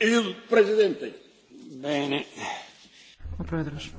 Il Presidente. Bene. Ο Πρόεδρος.